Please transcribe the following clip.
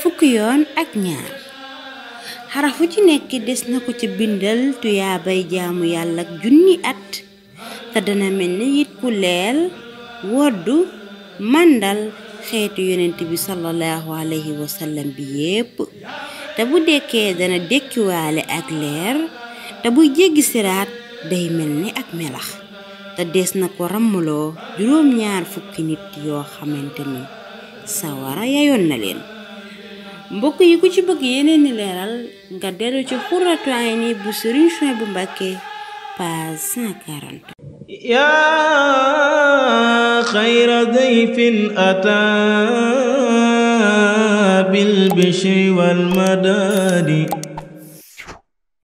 fukki yoon ak ñaar xarafu ci nekk des na ko ci bindal tuyaabay jaamu yàlla ak junni at te dana mel ni it ku leel woddu màndal xeetu yonent bi sallallahu alayhi wa bi yépp te bu dekkee dana dekkiwaale ak leer te buy jéggi siraat day mel ni ak melax te des na ko ràmmaloo juróom ñaar fukki nit yoo xamante ni sawara yayoon na leen mbokk yi ku ci bëgg yeneen ni leeral nga dellu ci Xurratu Ayni bu Sëriñ Suwaybu Mbàkke page 140 yaa xayra dayfin ataa bil bishri wal madaadi